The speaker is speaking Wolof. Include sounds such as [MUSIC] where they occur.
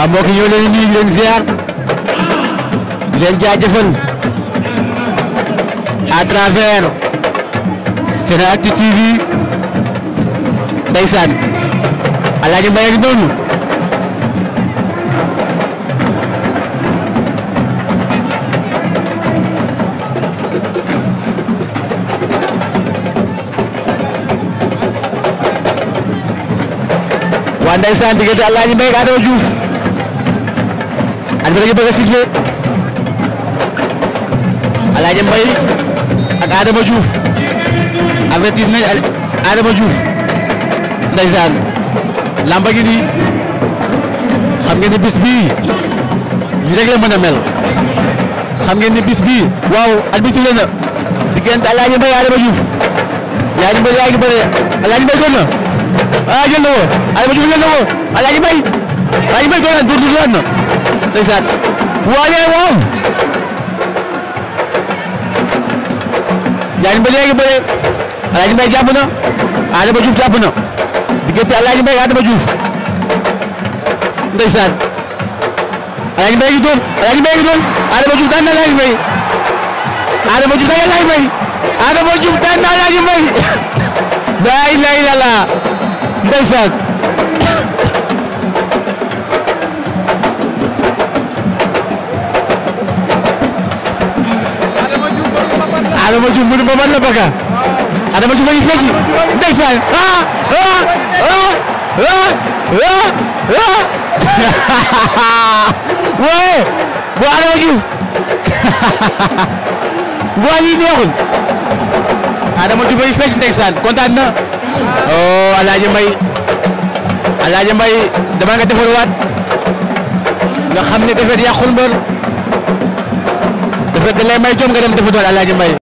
waaw mbokk ñoo leen nuyu leen ziar leen jaajëfal à travers Senactu TV ndeysaan Alaaji Mbaye ak noonu waa ndeysaan diggante Alaaji Mbaye ak Adama Diouf ak da nga bëgg a sifflé Alaaji Mbaye ak Adama Diouf avertis nañ Adama Diouf ndeysaan lamba gi xam ngeen ni bis bii ñu rek mën a mel xam ngeen ni bis waaw at bi sifflé na diggante Alaaji Mbaye Adama Diouf yaa ngi bëri yaa ngi bëri Alaaji doon na ndeysaan waaye waaw Alaaji Mbay léegi bëre Alaaji Mbay jàpp na Adama Diouf jàpp na diggante Alaaji Mbay Adama Diouf ndeysaan Alaaji Mbay gi doon Alaaji Mbay gi doon Adama Diouf daan na Alaaji Mbay Adama Diouf daan na Alaaji Mbay Adama Diouf daan [LAUGHS] laa ilaaha illallaah Diouf mu man Mame Balla Bakar Adama Diouf a ngi fecc ndeysaan ah, ah, ah, ah [LAUGHS] waaye bu Adama Diouf [LAUGHS] waa lii neexul Adama a ngi fecc ndeysaan kontaan na oh Alaaji Mbaye Alaaji Mbaye dama nga defar waat nga xam ne defet yàqul mbër defet da lay may jom nga dem defe doon Alaaji